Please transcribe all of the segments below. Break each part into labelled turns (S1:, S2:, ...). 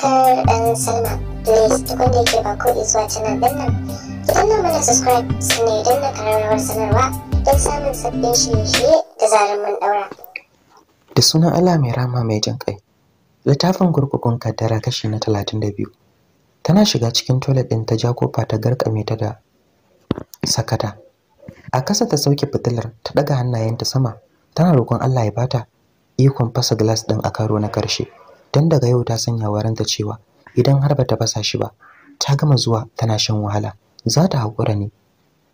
S1: subscribe and sign up. Please da subscribe sanarwa don samun sabbin shirye-shirye da zarar mun Da sunan Allah mai rama mai jin kai. Littafin gurgurkun kaddara kashi na talatin da biyu. Tana shiga cikin toilet ɗin ta ja kofa ta garkame ta da sakata. A kasa ta sauke fitilar ta ɗaga hannayenta sama tana roƙon Allah ya bata ikon fasa glass ɗin a karo na ƙarshe. don daga yau ta sanya waranta cewa idan har ba ta fasa shi ba ta gama zuwa tana shan wahala za ta haƙura ne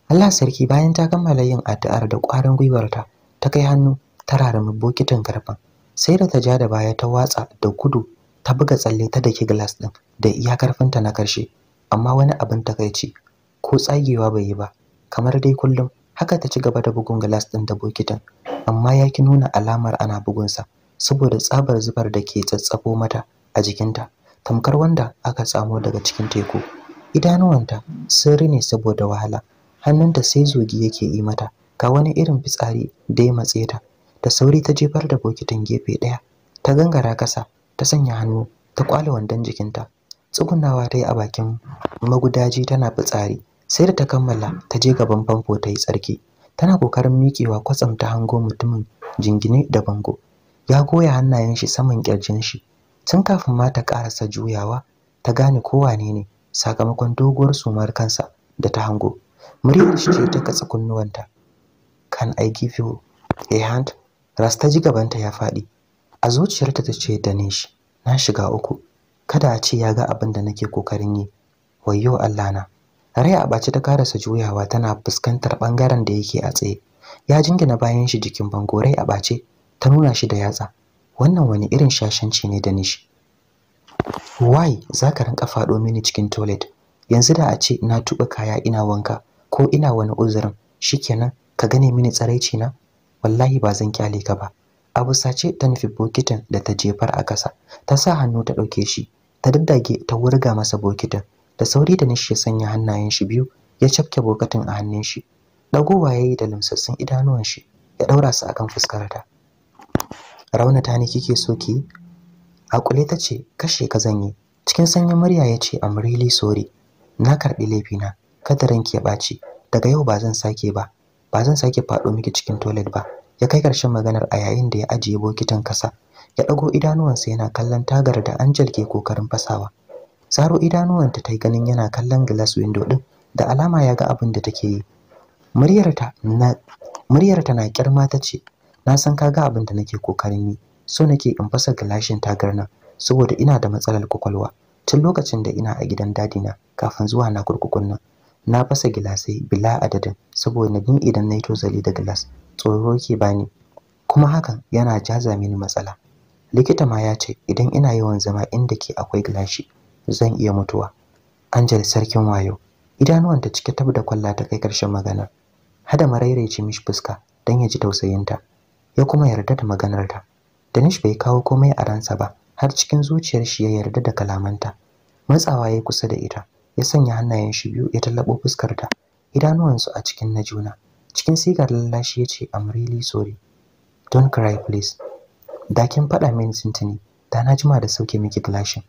S1: Allah sarki bayan ta kammala yin addu'ar da ƙwarin gwiwarta ta kai hannu ta rarumi bokitin karfin sai da ta ja da baya ta watsa da gudu ta buga tsalle ta daki glass din da iya karfinta na karshe amma wani abin takaici ko tsagewa bai yi ba kamar dai kullum haka ta ci gaba da bugun glass din da bokitin amma ya ki nuna alamar ana bugunsa saboda tsabar zubar da ke tsattsafo mata a jikinta tamkar wanda aka samo daga cikin teku idanuwanta sun rine saboda wahala hannunta sai zogi yake yi mata ga wani irin fitsari da ya matse ta da sauri ta jefar da bokitin gefe ɗaya ta gangara kasa ta sanya hannu ta kwale wandon jikinta tsugunawa ta yi a bakin magudaji tana fitsari sai da ta kammala ta je gaban famfo ta yi tsarki tana kokarin miƙewa kwatsam ta hango mutumin jingine da bango ya goya hannayen shi saman kirjin shi tun kafin ma ta karasa juyawa ta gane ko wane ne sakamakon doguwar sumar kansa da ta hango muryar shi ce ta katsa kunnuwanta kan i give you a hand rasta ji gabanta ya faɗi a zuciyarta ta ce da ne shi na shiga uku kada a ce ya ga abin da nake kokarin yi wayyo Allah na rai a ɓace ta karasa juyawa tana fuskantar ɓangaren da yake a tsaye ya jingina bayan shi jikin bangorai a ɓace ta nuna shi da yatsa wannan wani irin shashanci ne da nishi why za ka rinka faɗo mini cikin toilet yanzu da a ce na tuba kaya ina wanka ko ina wani uzurin shikenan ka gane mini tsaraici na wallahi ba zan kyale ka ba abu sace ta nufi bokitin da ta jefar a ƙasa ta sa hannu ta ɗauke shi ta daddage ta wurga masa bokitin da sauri da nishi ya sanya hannayen shi biyu ya cafke bokitin a hannun shi ɗagowa ya yi da limsassun idanuwan shi ya ɗaura su akan fuskarta raunata ne, kike so ki akule ta ce kashe ka zanyi cikin sanyin murya ya ce I'm really sorry na karɓi na kada ranki ya baci daga yau ba zan sake ba ba zan sake faɗo miki cikin toilet ba ya kai ƙarshen maganar a yayin da ya ajiye bokitin kasa ya ɗago idanuwansa yana kallon tagar da Angel ke kokarin fasawa Saro idanuwanta ta yi ganin yana kallon glass window din da alama ya ga abin da take yi muryarta na muryarta na kirma ta ce na san ka ga abin da nake kokarin yi so nake in fasa gilashin tagar nan saboda ina da matsalar kwakwalwa tun lokacin da ina a gidan dadi na kafin zuwa na kurkukun nan na fasa gilasai bila adadin saboda ni idan na yi tozali da gilas tsoro ke bani kuma hakan yana jaza mini matsala likita ma ya ce idan ina yawan zama inda ke akwai gilashi zan iya mutuwa angel sarkin wayo idanuwan ta cike tab da kwalla ta kai karshen magana hada ce mishi fuska don ya ji tausayinta ya kuma yarda da maganarta Danish bai kawo komai a ransa ba har cikin zuciyar shi ya yarda da kalamanta matsawa ya kusa da ita ya sanya hannayen shi biyu ya tallabo fuskarta idanuwansu a cikin na juna cikin sigar lallashi ya ce I'm really sorry don't cry please da kin faɗa mini tuntuni da na jima da sauke miki gilashin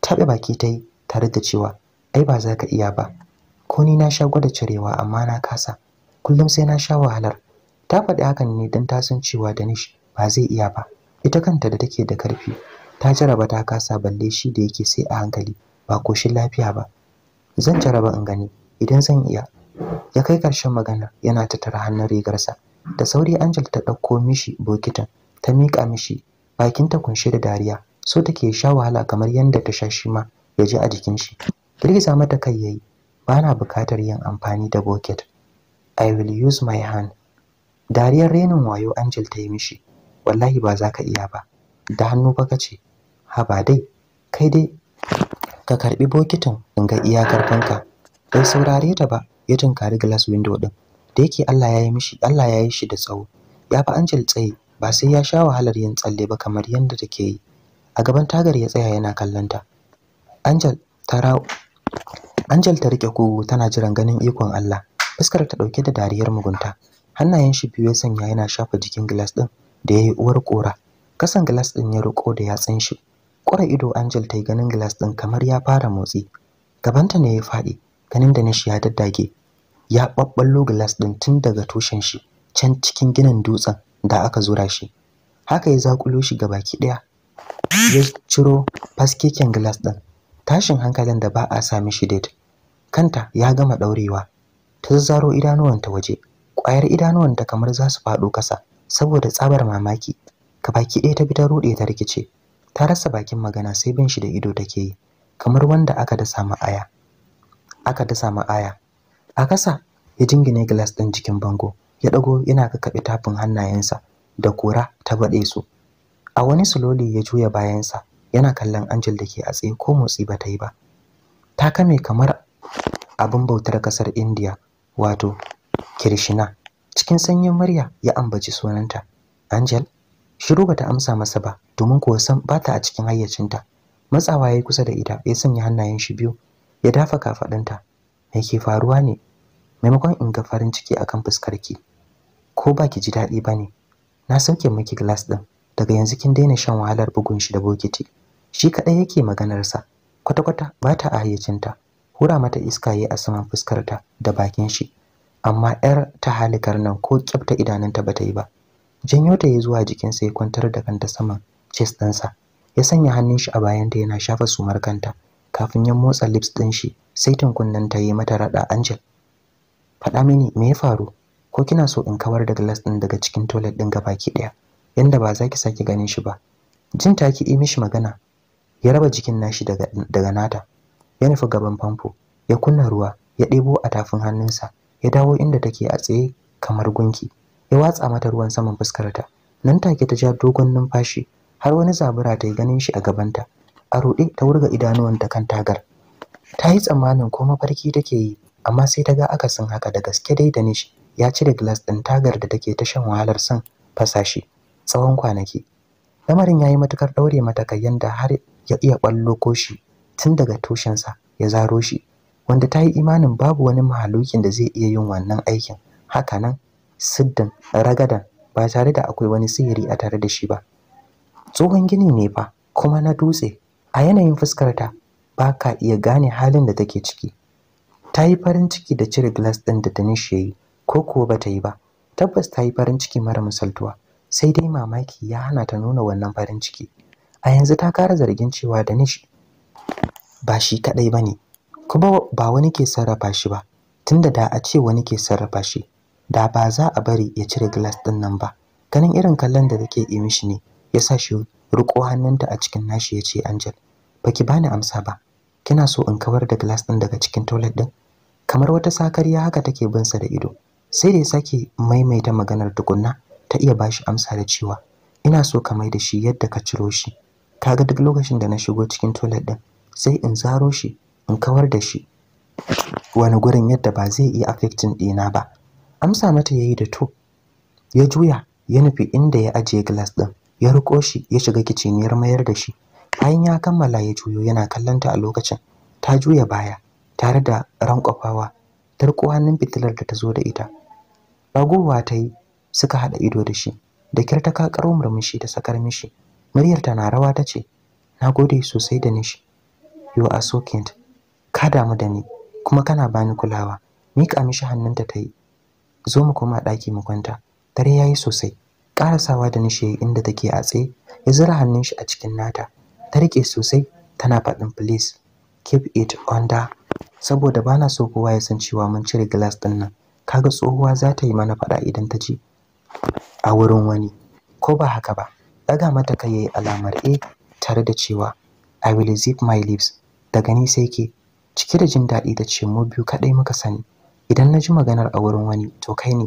S1: taɓa baki ta yi tare da cewa ai ba za ka iya ba ko ni na sha gwada cirewa amma na kasa kullum sai na sha wahalar ta faɗi hakan ne don ta san cewa danish ba zai iya ba ita kanta da take da karfi ta jaraba ta kasa balle shi da yake sai a hankali ba koshin lafiya ba zan jaraba in gani idan zan iya ya kai ƙarshen magana yana tattara hannun rigarsa da sauri angel ta ɗauko mishi bokitin ta miƙa mishi bakinta kunshe da dariya so take sha wahala kamar yadda ta sha shi ma ya ji a jikin shi girgiza mata kai yayi ba na buƙatar yin amfani da bokit. i will use my hand dariyar renin wayo angel ta yi mishi wallahi ba za ka iya ba da hannu baka ce haba dai kai dai ka karbi bokitin in ga iyakar kanka bai saurare ta ba ya tunkari glass window din da yake Allah ya yi mishi Allah ya yi shi da tsawo ya fi angel tsaye ba sai ya sha wahalar yin tsalle ba kamar yadda take yi a gaban tagar ya tsaya yana kallonta angel ta rawo angel ta rike kogo tana jiran ganin ikon Allah fuskar ta dauke da dariyar mugunta hannayen shi biyu ya sanya yana shafa jikin glass din da yayi uwar kora kasan glass din ya riko da yatsan shi kora ido Angel ta yi ganin glass din kamar ya fara motsi gabanta ne ya faɗi ganin da nishi ya daddage ya babballo glass din tun daga tushen shi can cikin ginin dutsen da aka zura shi haka ya zakulo shi ga baki daya ya ciro faskeken glass din tashin hankalin da ba a sami shi date kanta ya gama daurewa ta zazzaro idanuwanta waje ƙwayar idanuwanta kamar za su faɗo ƙasa saboda tsabar mamaki ka baki ɗaya ta bi ta ruɗe ta rikice ta rasa bakin magana sai bin shi da ido take yi kamar wanda aka da ma aya aka dasa ma aya a kasa ya jingine glass ɗin jikin bango ya ɗago yana kakkaɓe tafin hannayensa da kura ta baɗe su a wani suloli ya juya bayansa yana kallon angel da ke a tsaye ko motsi ba ta yi ba ta kame kamar abin bautar ƙasar india wato Kirshina cikin sanyin murya ya ambaci sunanta. Angel shiru bata amsa masa ba domin kuwa san bata a cikin hayyacinta. Matsawa yayi kusa da ita ya sanya hannayen shi biyu ya dafa kafadinta. Me ke faruwa ne? Maimakon in ga farin ciki akan fuskarki. Ko ba ki ji daɗi ba ne? Na sauke miki glass din. Daga yanzu kin daina shan wahalar bugun shi da bokiti. Shi kaɗai yake maganarsa. Kwata-kwata bata a hayyacinta. Hura mata iska yayi a saman fuskarta da bakin shi. amma yar ta halikar nan ko kyafta idanunta ta yi ba janyo ta yi zuwa jikin sai kwantar da kanta saman chest ɗinsa ya sanya hannun shi a bayan ta yana shafa sumar kanta kafin ya motsa lips ɗin shi sai tunkunnan ta yi mata raɗa angel faɗa mini me ya faru ko kina so in kawar da glass ɗin daga cikin toilet ɗin gabaki ɗaya yanda ba za ki sake ganin shi ba jin taki yi mishi magana ya raba jikin nashi daga daga nata ya nufi gaban famfo ya kunna ruwa ya ɗebo a tafin hannunsa ya dawo inda take a tsaye kamar gunki ya watsa mata ruwan saman fuskarta nan take ta ja dogon numfashi har wani zabura ta yi ganin shi a gabanta a ruɗe ta wurga idanuwanta kan tagar ta yi tsammanin ko mafarki take yi amma sai ta ga akasin haka da gaske dai da nishi ya cire glass ɗin tagar da take ta shan wahalar son fasashi tsawon kwanaki lamarin ya yi matukar ɗaure mata kai yanda har ya iya ɓallo koshi shi tun daga tushensa ya zaro shi wanda ta yi imanin babu wani mahalukin da zai iya yin wannan aikin haka nan siddin ragadan ba tare da akwai wani sihiri a tare da shi ba tsohon gini ne fa kuma na dutse a yanayin fuskarta ba ka iya gane halin da take ciki ta yi farin ciki da cire glass ɗin da Danish ya yi ko kuwa ba ta yi ba tabbas ta yi farin ciki mara misaltuwa sai dai mamaki ya hana ta nuna wannan farin ciki a yanzu ta kara zargin cewa nishi ba shi kadai ba ne kuma ba wani ke sarrafa shi ba tunda da a ce wani ke sarrafa shi da ba za a bari ya cire glass din nan ba ganin irin kallon da take yi mishi ne ya sa shi riko hannunta a cikin nashi ya ce Angel baki bani amsa ba kina so in kawar da glass din daga cikin toilet din kamar wata sakariya haka take bin sa da ido sai da ya sake maimaita maganar tukunna ta iya bashi amsa da cewa ina so ka mai da shi yadda ka ciro shi kaga duk lokacin da na shigo cikin toilet din sai in zaro shi in kawar da shi wani gurin yadda ba zai iya affecting ɗina ba amsa mata yayi da to ya juya ya nufi inda ya ajiye glass din ya riko shi ya shiga kiciniyar mayar da shi bayan ya kammala ya juyo yana kallonta a lokacin ta juya baya tare da rankwafawa ta riko hannun fitilar da ta zo da ita ragowa ta yi suka haɗa ido da shi da kyar ta kakaro murmushi da sakar mishi muryar ta na rawa ta ce na gode sosai da nishi you are so kind ka damu da ni kuma kana bani kulawa Mika mishi hannunta ta yi zo mu koma ɗaki mu kwanta dare yayi sosai ƙarasawa da nishe inda take a tsaye ya zura hannun shi a cikin nata ta rike sosai tana faɗin please keep it under saboda bana so kowa ya san cewa mun cire glass din nan kaga tsohuwa za ta yi mana faɗa idan ta ji a wurin wani ko ba haka ba daga mata kai yayi alamar A eh, tare da cewa I will zip my lips daga ni sai ke cike da jin daɗi da ce mu biyu kaɗai muka sani idan na ji maganar a wurin wani to kai ne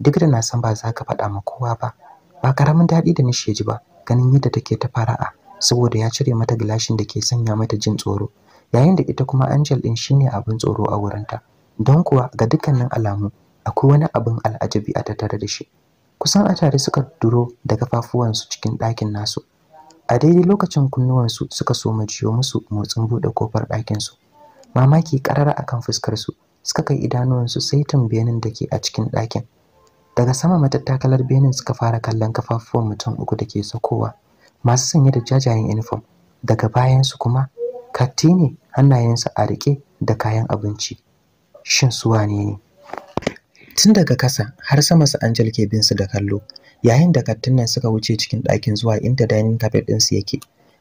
S1: duk da na san ba za ka faɗa ma kowa ba ba karamin daɗi da nishe ya ji ba ganin yadda take ta fara'a saboda ya cire mata gilashin da ke sanya mata jin tsoro yayin da ita kuma Angel ɗin shine abin tsoro a wurinta don kuwa ga dukkanin alamu akwai wani abin al'ajabi a tattare da shi kusan a tare suka duro da kafafuwansu cikin ɗakin nasu a daidai lokacin kunnuwansu suka so jiyo musu motsin buɗe kofar ɗakinsu mamaki karara akan fuskar su suka kai su sai tambayanin da ke a cikin ɗakin daga sama matattakalar benin suka fara kallon kafafuwan mutum uku da ke sokowa masu sanye da jajayen uniform daga bayansu kuma katti ne hannayensu a riƙe da kayan abinci shin su wane ne tun daga kasa har sama su angel ke bin su da kallo yayin da kattin nan suka wuce cikin ɗakin zuwa inda dining carpet ɗinsu yake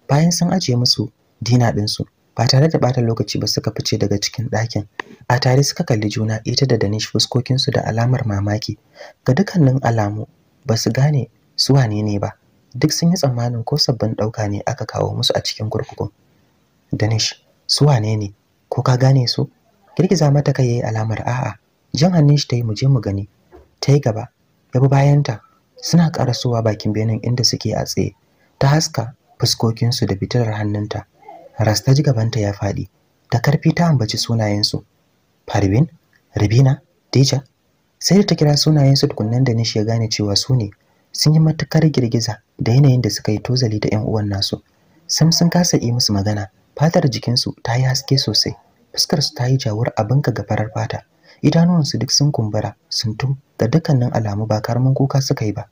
S1: bayan sun ajiye musu dina ɗinsu ba tare da bata lokaci ba suka fice daga cikin ɗakin a tare suka kalli juna ita da danish fuskokinsu da alamar mamaki ga dukkanin alamu ba su gane su wane ne ba duk sun yi tsammanin ko sabbin ɗauka ne aka kawo musu a cikin kurkukun danish su wane ne ko ka gane su girgiza mata kai yayi alamar a'a jan hannun shi ta yi mu je mu gani ta yi gaba ya bayanta suna karasowa bakin benin inda suke a tsaye ta haska fuskokinsu da fitilar hannunta rasta Rastaji gabanta ya faɗi. ta karfi ta ambaci sunayensu. Parvin, rabina Dija. Sai da ta kira sunayensu tukunnan da nishi ya gane cewa su ne. Sun yi matukar girgiza da yanayin da suka yi tozali da 'yan uwan nasu. Sam sun kasa yi musu magana. Fatar jikinsu ta yi haske sosai. Fuskarsu ta yi jawar abin ga farar fata. Idanuwansu duk sun kumbura, sun tum, da dukkanin alamu ba karamin kuka suka yi ba.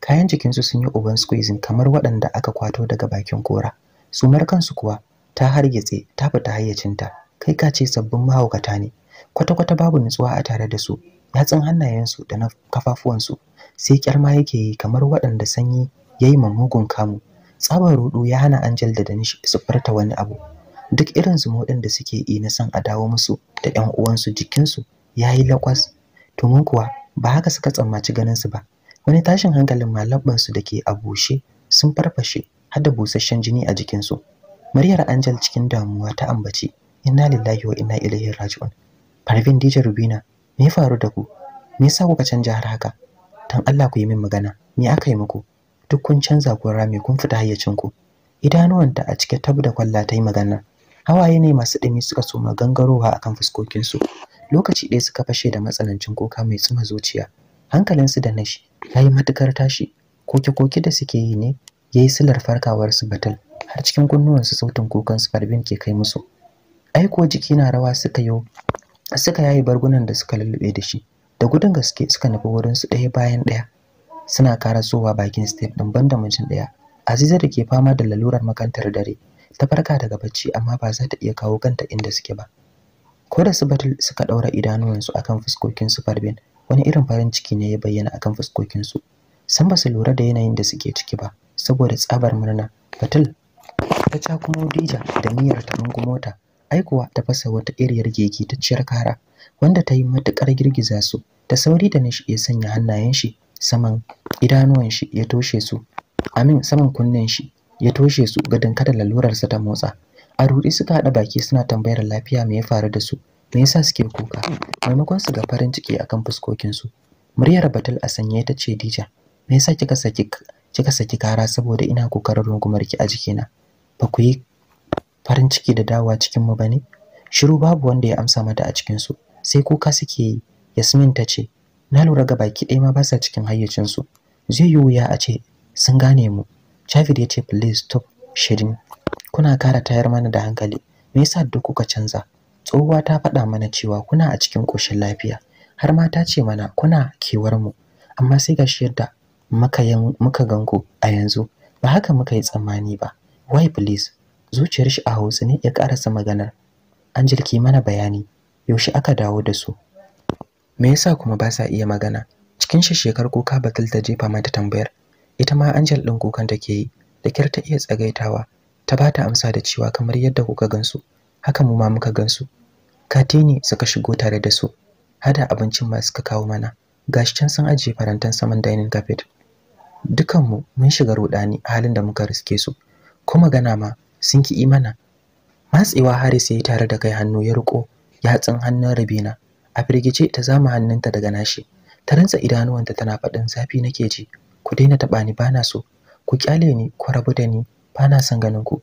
S1: Kayan jikinsu sun yi uban squeezing kamar waɗanda aka kwato daga bakin kora. Sumar kansu kuwa ta hargitse ta fita hayyacinta kai ka ce sabbin mahaukata ne kwata-kwata babu nutsuwa a tare da su yatsun hannayensu da na kafafuwansu sai kyarma yake yi kamar waɗanda sanyi ya yi mamugun kamu tsabar rudu ya hana angel da danish su farta wani abu duk irin zumoɗin da suke yi na son a dawo musu da ƴan uwansu jikinsu ya yi lakwas to kuwa ba haka suka tsammaci ganinsu ba wani tashin hankalin malabbansu da ke a bushe sun farfashe har da busasshen jini a jikinsu maryar Angel cikin damuwa ta ambaci. "Inna lillahi wa inna ilaihi raji'un." Parvin Dija Rubina, me ya faru da ku? Me yasa kuka canja har haka? Dan Allah ku yi min magana. Me aka yi muku? Duk kun canza kun rame kun fita hayyacin ku. Idanuwanta a cike tab da kwalla ta yi magana. Hawaye ne masu ɗumi suka soma gangarowa akan fuskokinsu. Lokaci ɗaya suka fashe da matsanancin kuka mai tsuma zuciya. Hankalinsu da nashi ya yi matukar tashi. Koke-koke da suke yi ne ya yi silar farkawarsu batal har cikin kunnuwansu sautin kukan su farbin ke kai musu aiko jiki na rawa suka yo suka yayi bargunan da suka lullube da shi da gudun gaske suka nufi wurin su ɗaya bayan ɗaya suna karasowa bakin step din banda mutum ɗaya aziza da ke fama da lalurar makantar dare ta farka daga bacci amma ba za ta iya kawo kanta inda suke ba ko da su batul suka daura idanuwansu akan fuskokin su farbin wani irin farin ciki ne ya bayyana akan fuskokin su san ba su lura da yanayin da suke ciki ba saboda tsabar murna batul ta kuma dija da niyyar ta rungu mota ai kuwa ta fasa wata iriyar geki ta ciyar kara wanda ta yi matukar girgiza su da sauri da nishi ya sanya hannayen shi saman idanuwan shi ya toshe su amin saman kunnen shi ya toshe su gadon kada lalurarsa ta motsa a ruɗi suka haɗa baki suna tambayar lafiya me ya faru da su me yasa suke kuka maimakon su ga farin ciki akan fuskokin su muryar batul a sanye ta ce dija me yasa kika saki kika saki kara saboda ina kokarin rungumar ki a jikina ba ku yi farin ciki da dawowa cikinmu ba ne shiru babu wanda ya amsa mata a cikinsu sai kuka suke yi yasmin ta ce na lura ga baki ɗaya ma ba sa cikin hayyacinsu zai yi wuya a ce sun gane mu Javid ya ce please stop shirin kuna kara tayar mana da hankali me yasa duk kuka canza tsohuwa ta faɗa mana cewa kuna a cikin ƙoshin lafiya har ma ta ce mana kuna kewar mu amma sai shi yadda muka muka ganku a yanzu ba haka muka yi tsammani ba why please zuciyar shi a hausa ne ya karasa maganar an jirki mana bayani yaushe aka dawo da su me yasa kuma ba sa iya magana cikin shi shekar kuka batul ta jefa mata tambayar ita ma Angel din kukan take yi da kyar ta iya tsagaitawa ta bata amsa da cewa kamar yadda kuka gansu haka mu ma muka gansu katini suka shigo tare da su hada abincin ma suka kawo mana gashi can sun ajiye farantan saman dining carpet dukanmu mun shiga rudani halin da muka riske su ko magana ma sun ki imana matsewa Haris ya yi tare da kai hannu ya riko yatsun hannun Rabina a firgice ta zama hannunta daga nashi ta rantsa idanuwanta tana faɗin zafi nake ji ku daina taɓa ni bana so ku kyale ni ku rabu da ni bana son ganin ku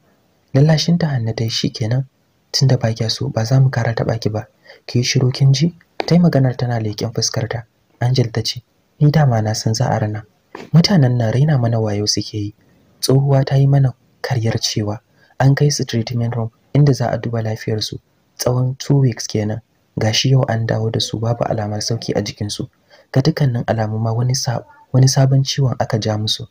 S1: lallashin ta hannu dai shikenan tunda ba kya so ba za mu kara taɓa ki ba ki yi shiru kin ji Ta yi maganar tana leƙen fuskarta Angel ta ce ni dama na san za a rana mutanen na raina mana wayo suke yi tsohuwa ta yi mana karyar cewa an kai su treatment room inda za a duba lafiyarsu tsawon two weeks kenan gashi yau an dawo da su babu alamar sauki a jikinsu ga dukkanin alamu ma wani wani sabon ciwon aka ja musu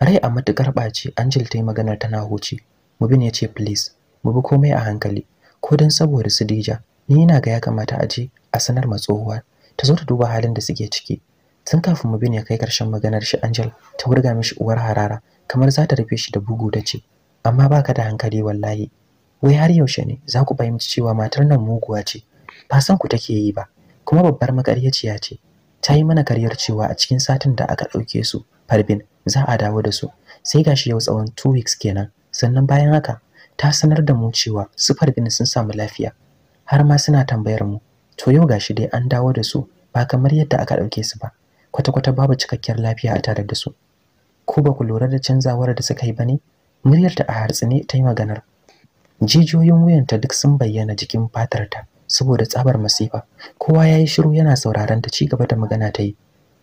S1: rai a matukar ɓaci angel ta yi maganar tana huci mubin ya ce please mu komai a hankali ko don saboda su dija ni ina ga ya kamata a je a sanar ma tsohuwa ta zo ta duba halin da suke ciki tun kafin mubin ya kai karshen maganar shi Angel ta wurga mishi uwar harara kamar za ta rufe shi da bugu ta ce amma baka da hankali wallahi wai har yaushe ne za ku fahimci cewa matar nan muguwa ce ba san ku take yi ba kuma babbar makaryaciya ce ta yi mana karyar cewa a cikin satin da aka ɗauke su farbin za a dawo da su sai gashi yau tsawon two weeks kenan sannan bayan haka ta sanar da mu cewa su farbin sun samu lafiya har ma suna tambayar mu to yau gashi dai an dawo da su ba kamar yadda aka ɗauke su ba kwata-kwata babu cikakkiyar lafiya a tare da su ko ba ku lura da canzawar da suka yi ba ne muryarta a hartsine ta yi maganar jijiyoyin wuyanta duk sun bayyana jikin fatar ta saboda tsabar masifa kowa ya yi shiru yana sauraron ta ci gaba da magana ta yi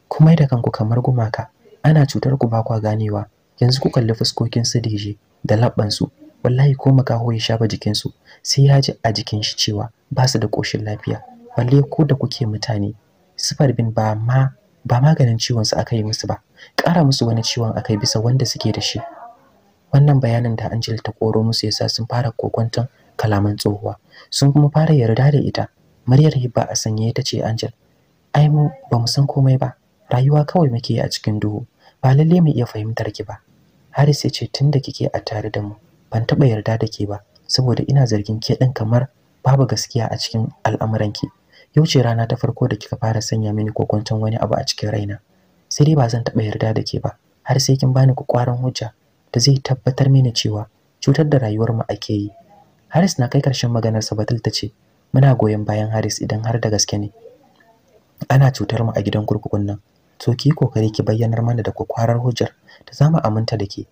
S1: kuma da kanku kamar gumaka ana cutar ku ba kwa ganewa yanzu ku kalli fuskokin su dije da labbansu wallahi ko makaho ya shafa jikinsu sai ya ji a jikin shi cewa ba su da koshin lafiya balle ko da kuke mutane sifar bin ba ma ba maganin ciwon su aka yi musu ba ƙara musu wani ciwon aka yi bisa wanda suke da shi wannan bayanin da Angel ta koro musu yasa sun fara kokwanton kalaman tsohuwa sun kuma fara yarda da ita Maryar Hibba a sanye ta ce Angel ai mu ba mu san komai ba rayuwa kawai muke a cikin duhu ba lalle mu iya fahimtar ki ba Haris ya ce tunda kike a tare da mu ban taɓa yarda da ke ba saboda ina zargin ke ɗin kamar babu gaskiya a cikin al'amuranki yau ce rana ta farko da kika fara sanya mini kokwanton wani abu a cikin raina sai dai ba zan taɓa yarda da ke ba har sai kin bani kwarin hujja da zai tabbatar mini cewa cutar da rayuwar mu ake yi Haris na kai ƙarshen maganar sa Batul ta ce muna goyon bayan Haris idan har da gaske ne ana cutar mu a gidan kurkukun nan to ki kokari ki bayyanar mana da kwakwarar hujjar da zamu aminta da ke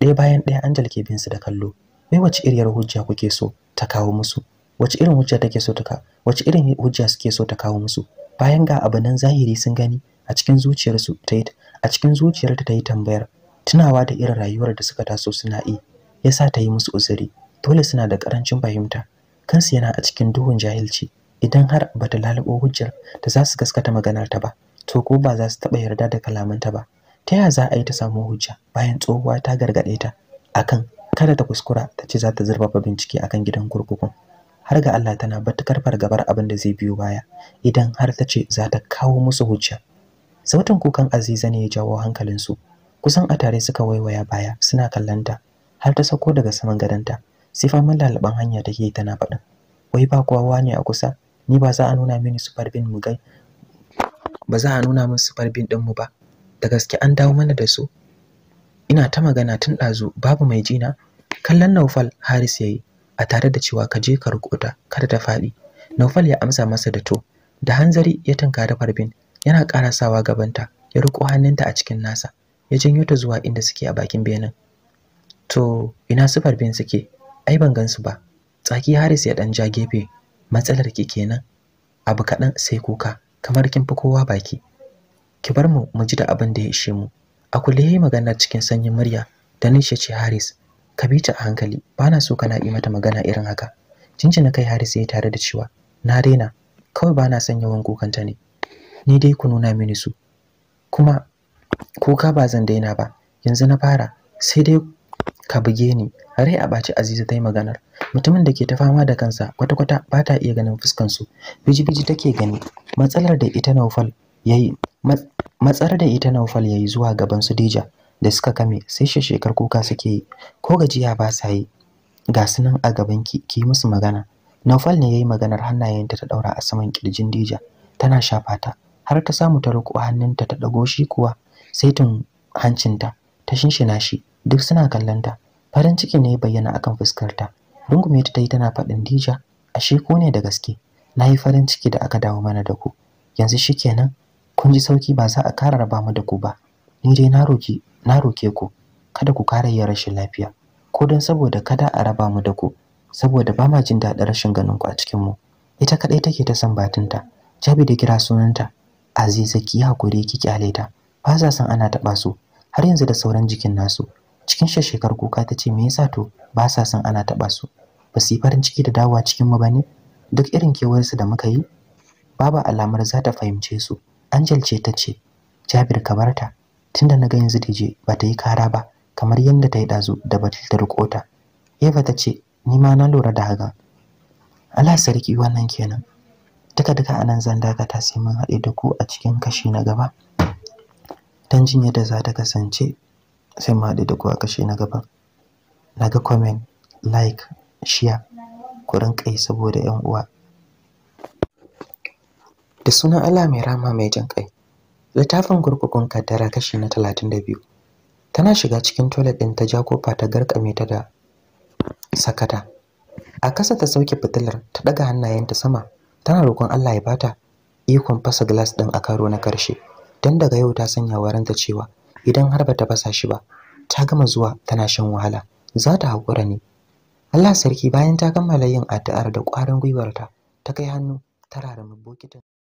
S1: ɗaya bayan ɗaya Angel ke bin su da kallo mai wace iriyar hujja kuke so ta kawo musu wace irin hujja take so ta wace irin hujja suke so ta kawo musu bayan ga abu nan zahiri sun gani a cikin zuciyarsu ta yi a cikin zuciyarta ta yi tambayar tunawa da irin rayuwar da suka taso suna yi yasa ta yi musu uzuri dole suna da karancin fahimta kansu yana a cikin duhun jahilci idan har bata lalabo hujjar da za su gaskata maganar ta ba to ko ba za su taba yarda da ta ba ta yaya za a yi ta samu hujja bayan tsohuwa ta gargaɗe ta akan kada ta kuskura ta ce za ta zurfafa bincike akan gidan kurkukun har ga Allah tana batukar fargabar abin da zai biyo baya idan har ta ce za ta kawo musu hujja sautin kukan aziza ne ya jawo hankalin su. kusan a tare suka waiwaya baya suna kallanta har ta sauko daga saman gadanta. sai faman lalaban hanya take tana faɗin wai ba kowa ne a kusa ni ba za a nuna mini super bin mu gai ba za a nuna min super bin din mu ba da gaske an dawo mana da su ina ta magana tun ɗazu babu mai jina kallon Naufal Haris yayi a tare da cewa ka je ka riko kada ta faɗi Naufal ya amsa masa da to da hanzari ya da farbin yana karasawa gabanta ya riko hannunta a cikin nasa ya janyo ta zuwa inda suke a bakin benin to ina su farbin suke ai ban gansu ba tsaki Haris ya dan ja gefe matsalar ki kenan abu kaɗan sai kuka kamar kin fi kowa baki ki bar mu mu ji da abin da ya ishe mu a kulle yayi maganar cikin sanyin murya da nishe ce Haris ka bi ta a hankali bana so kana yi mata magana irin haka na kai hari sai tare da cewa na daina kawai bana son yawan ta ne ni dai ku nuna mini su kuma kuka ba zan daina ba yanzu na fara sai dai ka buge ni rai a baci, aziza ta yi maganar mutumin da ke ta fama da kansa kwata-kwata ba ta iya ganin fuskansu biji-biji take gani matsalar da ita da ita naufal ya yi zuwa gaban su dija da suka kame sai shekar kuka suke yi ko gajiya ba sa yi ga su nan a gaban ki ki musu magana Naufal ne yayi maganar hannayenta ta daura a saman kirjin Dija tana shafa ta har ta samu ta riko hannunta ta dago shi kuwa sai tun hancinta ta shinshina shi duk suna kallonta farin ciki ne bayyana akan fuskarta rungume ta yi tana faɗin Dija ashe ko ne da gaske na yi farin ciki da aka dawo mana da ku yanzu shikenan kun ji sauki ba za a kara raba mu da ku ba ni dai na roke na roke ku kada ku kara yin rashin lafiya ko don saboda kada a raba mu da ku saboda ba ma jin daɗin rashin ganin ku a cikin mu ita kadai take ta san batunta jabi da kira sunanta aziza ki hakuri ki kyale ta ba sa san ana taba su har yanzu da sauran jikin nasu cikin shekar kuka ta ce me yasa to ba sa san ana taba su ba su yi farin ciki da dawowa cikin mu bane duk irin kewarsu da muka yi babu alamar za ta fahimce su Angel ce ta ce Jabir ka barta tunda na ga yanzu dije ba ta yi kara ba kamar yadda ta yi ɗazu da batil ta riko ta eva ta ce ni ma na lura da haka Allah sarki wannan kenan duka duka anan zan dakata sai mun haɗe da ku a cikin kashi na gaba dan jin yadda za ta kasance sai mu haɗe da ku a kashi na gaba na ga comment like share ku rinka yi saboda yan uwa da sunan Allah mai rama mai jin kai littafin kurkukun kaddara kashi na talatin da biyu. tana shiga cikin toilet ɗin ta ja kofa ta garkame ta da sakata a kasa ta sauke fitilar ta ɗaga hannayenta sama tana roƙon Allah ya bata ikon fasa glass ɗin a karo na karshe don daga yau ta sanya waranta cewa idan har bata fasa shi ba ta gama zuwa tana shan wahala za ta haƙura ne Allah sarki bayan ta kammala yin addu'ar da ƙwarin gwiwarta ta kai hannu ta rarrama bokitin